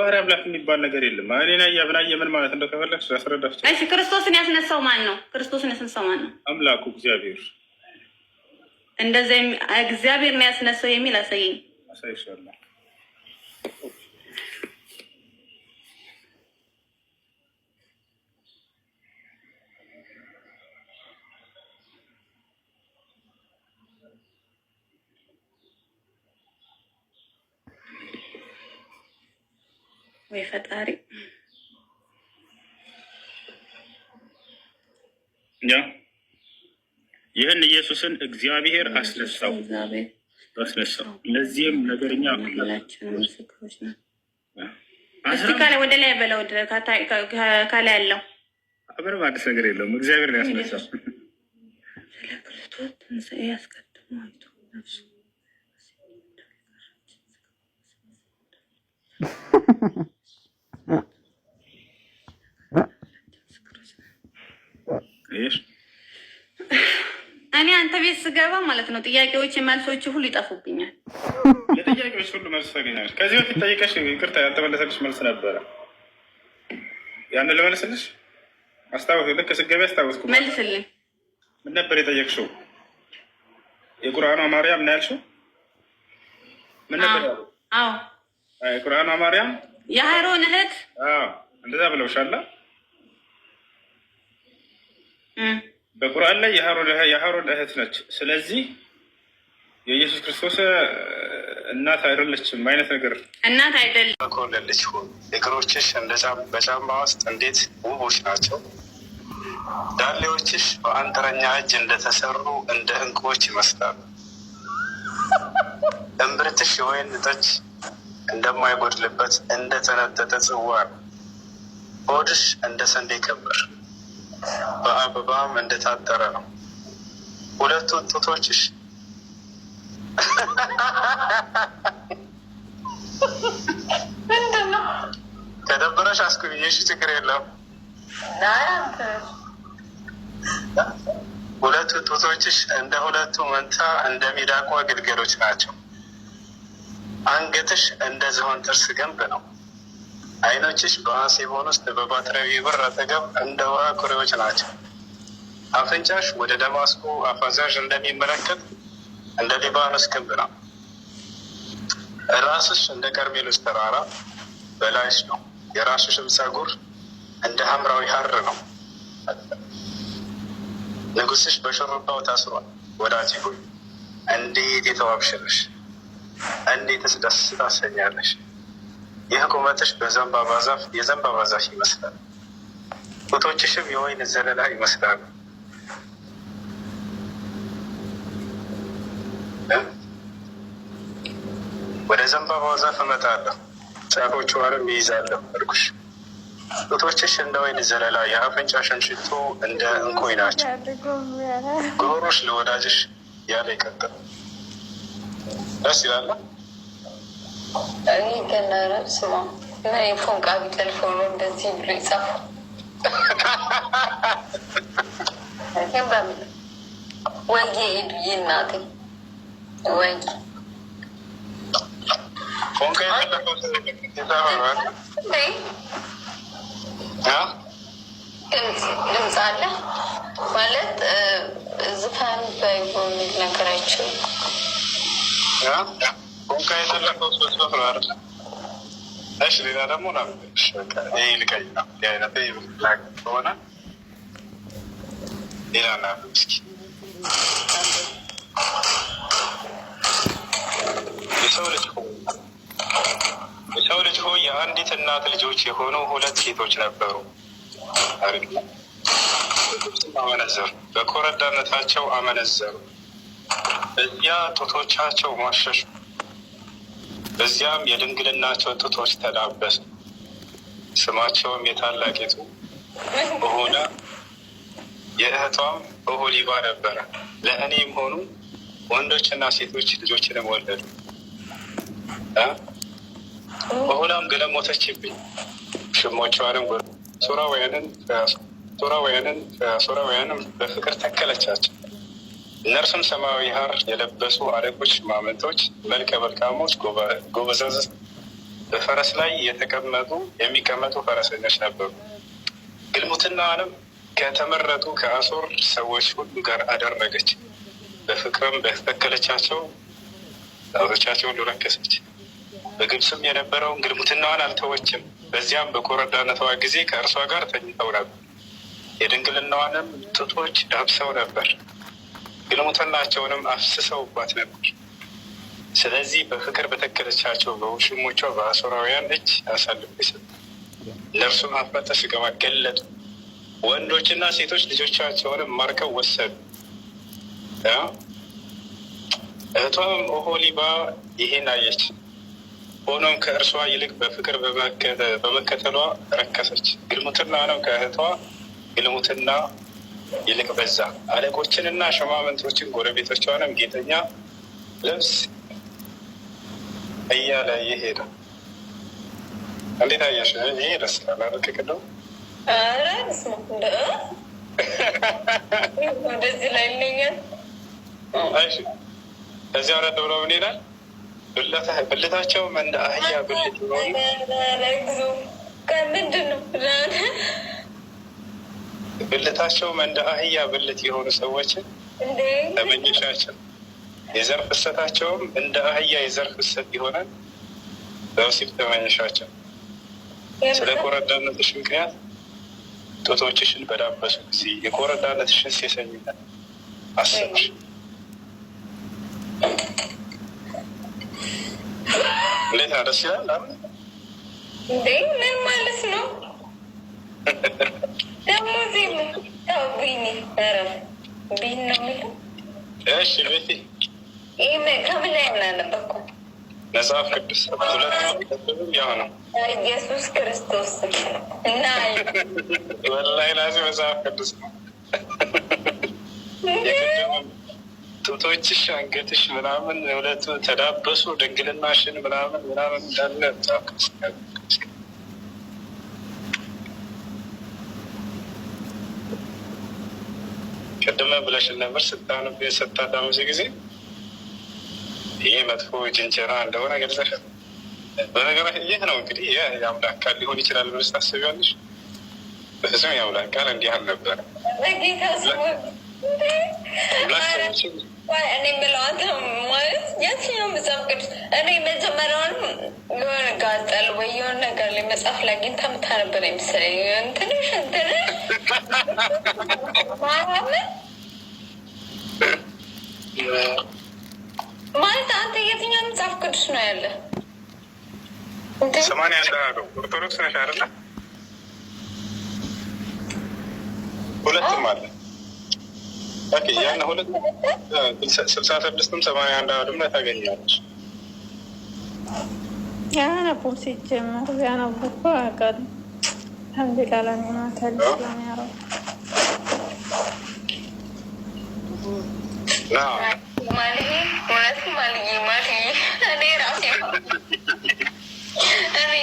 ባህሪ አምላክ የሚባል ነገር የለም። እኔና እያብናየ ምን ማለት እንደ ከፈለግ ያስረዳቸው። እሺ ክርስቶስን ያስነሳው ማን ነው? ክርስቶስን ያስነሳው ማን ነው? አምላኩ እግዚአብሔር። እንደዚያ እግዚአብሔር ነው ያስነሳው የሚል አሳየኝ። አሳይሻለሁ ወይ ፈጣሪ ያ ይህን ኢየሱስን እግዚአብሔር አስነሳው አስነሳው። ለዚህም ነገርኛ ወደ ላይ በለው ካላ ያለው አዲስ ነገር የለውም። እግዚአብሔር ነው ያስነሳው። ቤት ስገባ ማለት ነው ጥያቄዎች መልሶች ሁሉ ይጠፉብኛል። ለጥያቄዎች ሁሉ መልስ ታገኛለች። ከዚህ በፊት ጠይቀሽ ይቅርታ ያልተመለሰልሽ መልስ ነበረ። ያን ልመልስልሽ አስታወስ። ልክ ስገቢ አስታወስኩ። መልስልኝ። ምን ነበር የጠየቅሽው? የቁርአኗ ማርያም ነው ያልሽው? ምን ነበር ያሉ? የቁርአኗ ማርያም እህት እንደዛ ብለውሻላ በቁርአን ላይ የሀሮን እህት ነች። ስለዚህ የኢየሱስ ክርስቶስ እናት አይደለችም አይነት ነገር እናት አይደለም እግሮችሽ በጫማ ውስጥ እንዴት ውቦች ናቸው። ዳሌዎችሽ በአንጥረኛ እጅ እንደተሰሩ እንደ እንቁዎች ይመስላሉ። እምብርትሽ የወይን ጠጅ እንደማይጎድልበት እንደተነጠጠ ጽዋ ነው። ሆድሽ እንደ ስንዴ ከበር በአበባም እንደታጠረ ነው። ሁለቱ ጡቶችሽ ምንድን ነው? ከደበረሽ አስኩኝ። ችግር የለም። ሁለቱ ጡቶችሽ እንደ ሁለቱ መንታ እንደ ሚዳቋ ግልገሎች ናቸው። አንገትሽ እንደ ዝሆን ጥርስ ግንብ ነው። አይኖችሽ በአሴቦን ውስጥ በባትራዊ ብር አጠገብ እንደ ውሃ ኩሬዎች ናቸው። አፍንጫሽ ወደ ደማስቆ አፋዛዥ እንደሚመለከት እንደ ሊባኖስ ግንብ ነው። ራስሽ እንደ ቀርሜሎስ ተራራ በላይሽ ነው። የራስሽም ጸጉር እንደ ሐምራዊ ሐር ነው። ንጉስሽ በሽሩባው ታስሯል። ወዳጅ ሆይ እንዴት የተዋብሽነሽ! እንዴትስ ደስ ታሰኛለሽ! ይህ ቁመትሽ በዘንባባ ዛፍ የዘንባባ ዛፍ ይመስላል፣ ጡቶችሽም የወይን ዘለላ ይመስላሉ። ወደ ዘንባባ ዛፍ እመጣለሁ፣ ጫፎችዋንም ይይዛለሁ አልኩሽ። ጡቶችሽ እንደ ወይን ዘለላ፣ የአፍንጫሽም ሽቶ እንደ እንኮይ ናቸው። ጉሮሮሽ ለወዳጅሽ ያለ ይቀጥል። ደስ ይላል። እኔ ገና ነው ስማ ምን የፎንቃ ቢጠልፎ ነው እንደዚህ ብሎ ይጻፉ ወንጌ ሄዱ ይናቴ ወንጌ ድምፅ አለ ማለት ዝፋን ባይሆን ነገራቸው ቡካ የተለፈው ሶስት መቶ ነው እሺ፣ ሌላ ደግሞ ይህ ልቀይ ነው የአይነት ከሆነ ሌላ ና እስኪ የሰው ልጅ የሰው ልጅ ሆይ የአንዲት እናት ልጆች የሆኑ ሁለት ሴቶች ነበሩ። አመነዘሩ፣ በኮረዳነታቸው አመነዘሩ፣ እዚያ ጡቶቻቸው ማሸሹ በዚያም የድንግልናቸው ጡቶች ተዳበሱ። ስማቸውም የታላቂቱ ኦሖላ የእህቷም ኦሆሊባ ነበረ። ለእኔም ሆኑ ወንዶችና ሴቶች ልጆችንም ወለዱ። ኦሖላም ገለሞተችብኝ፣ ሽሞቿንም ሱራውያንን ሱራውያንን ሱራውያንም በፍቅር ተከለቻቸው። እነርሱም ሰማያዊ ሐር የለበሱ አለቆች፣ ማመንቶች፣ መልከ መልካሞች፣ ጎበዘዝ በፈረስ ላይ የተቀመጡ የሚቀመጡ ፈረሰኞች ነበሩ። ግልሙትናንም ከተመረጡ ከአሶር ሰዎች ሁሉ ጋር አደረገች። በፍቅርም በተተከለቻቸው ጣቶቻቸው ሁሉ ረከሰች። በግብፅም የነበረውን ግልሙትናዋን አልተወችም። በዚያም በኮረዳነቷ ጊዜ ከእርሷ ጋር ተኝተው ነበር። የድንግልናዋንም ጡቶች ዳብሰው ነበር። ግልሙትናቸውንም አፍስሰውባት ነበር። ስለዚህ በፍቅር በተከለቻቸው በውሽሞቿ በአሶራውያን እጅ አሳልፎ ይሰጡ። ለእርሱም ኀፍረተ ሥጋዋ ገለጡ። ወንዶችና ሴቶች ልጆቻቸውንም ማርከው ወሰዱ። እህቷም ኦሆሊባ ይሄን አየች። ሆኖም ከእርሷ ይልቅ በፍቅር በመከተሏ ረከሰች። ነው ከእህቷ ግልሙትና ይልቅ በዛ። አለቆችንና ሸማመንቶችን ጎረቤቶቿንም ጌጠኛ ልብስ እያለ ይሄደ። እንዴት አየሽ? ይሄ ደስ ላላረቅቅደ እንደዚህ ላይ ይለኛል። እዚያ ረ ደብረ ምን ይላል? ብልታቸውም እንደ አህያ ብልት ነው። ምንድን ነው ብልታቸውም እንደ አህያ ብልት የሆኑ ሰዎችን ተመኝሻቸው የዘር ፍሰታቸውም እንደ አህያ የዘር ፍሰት ይሆናል። በወሲብ ተመኝሻቸው። ስለ ኮረዳነትሽ ምክንያት ጡቶችሽን በዳበሱ ጊዜ የኮረዳነትሽን ሴሰኝነት አሰብሽ። እንዴት ደስ ይላል። ምን ማለት ነው? ላይ መጽሐፍ ቅዱስ ሁለቱም ያው ነው። ኢየሱስ ክርስቶስ እና ወላሂ ላዚ መጽሐፍ ቅዱስ ጡቶችሽ፣ አንገትሽ ምናምን ሁለቱ ተዳበሱ ድንግልናሽን ምናምን ምናምን እንዳለ ቅድመ ብለሽ ነበር ስታነብ ስታዳምስ ጊዜ ይህ መጥፎ ጅንጀራ እንደሆነ ገልጸሽ፣ በነገራችን ይህ ነው እንግዲህ የአምላክ ቃል ሊሆን ይችላል ብለሽ ታስቢያለሽ። በፍጹም የአምላክ ቃል እንዲህ አልነበረ። እኔ ብለዋትም የትኛው መጽሐፍ ቅዱስ? እኔ መጀመሪያውንም የሆነ ጋጠል ወይ የሆነ ነገር ላይ መጽሐፍ ላይ አግኝታ የምታነብር መሰለኝ። እንትንሽ እንትንሽ ማለት አንተ የትኛው መጽሐፍ ቅዱስ ነው ያለ? ሰማንያ አንድ ኦርቶዶክስ ነሽ አይደለ? ሁለትም አለ ያን ሁለት ስልሳ ስድስትም ሰማንያ አንድ አድም ላይ ታገኛለች። ያነቡም ሲጀመር ያነቡ እኮ አውቃለሁ። እኔ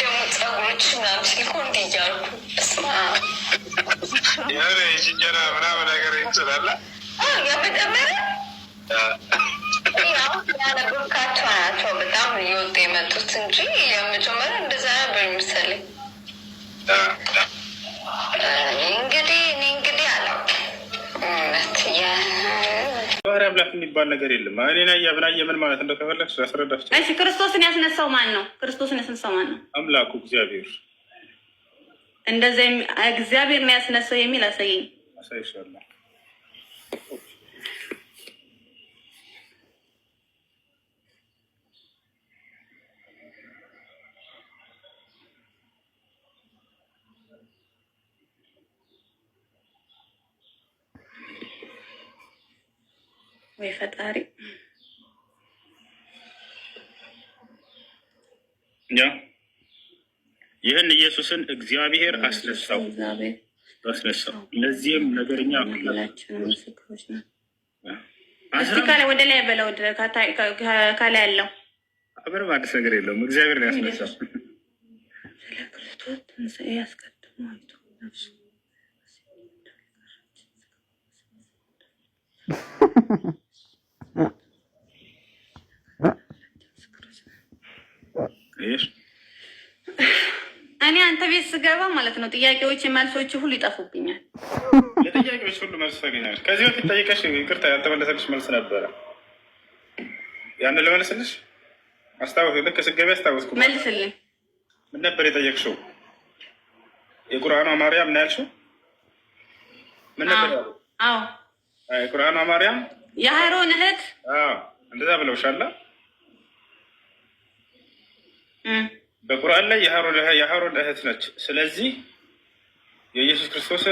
ደግሞ ጸጉሮች ምናምን ሲል እኮ እንዲህ የሆነ የሽንጀራ ምናምን ነገር ይችላላ የመጀመሪያ ያነበብካቸው የመጡት እንጂ የመጀመሪያ የሚባል ነገር የለም። እኔና እያብናየ ምን ማለት እንደው ከፈለግ ያስረዳቸው። እሺ ክርስቶስን ያስነሳው ማን ነው? ክርስቶስን ያስነሳው ማን ነው? አምላኩ እግዚአብሔር። እንደዚያ እግዚአብሔር ነው ያስነሳው የሚል አሳየኝ። አሳይሻለሁ ወይ ፈጣሪ ያ ይህን ኢየሱስን እግዚአብሔር አስነሳው አስነሳው። ለዚህም ነገርኛ ወደ ላይ በለው ካላ ያለው አብረን አዲስ ነገር የለውም። እግዚአብሔር ነው ያስነሳው። ያስቀድሞ እኔ አንተ ቤት ስገባ ማለት ነው ጥያቄዎች መልሶች ሁሉ ይጠፉብኛል። ለጥያቄዎች ሁሉ መልስ ታገኛለች። ከዚህ በፊት ጠይቀሽ ይቅርታ ያልተመለሰልሽ መልስ ነበረ። ያንን ልመልስልሽ አስታወስ። ልክ ስገቢ አስታወስኩ። መልስልኝ። ምን ነበር የጠየቅሽው? የቁርአኗ ማርያም ነው ያልሽው? ምን ነበር? አዎ የቁርአኗ ማርያም የሀሮን እህት እንደዛ ብለውሻላ። በቁርአን ላይ የሀሮን እህት ነች። ስለዚህ የኢየሱስ ክርስቶስ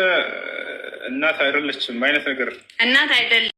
እናት አይደለችም አይነት ነገር እናት አይደለች።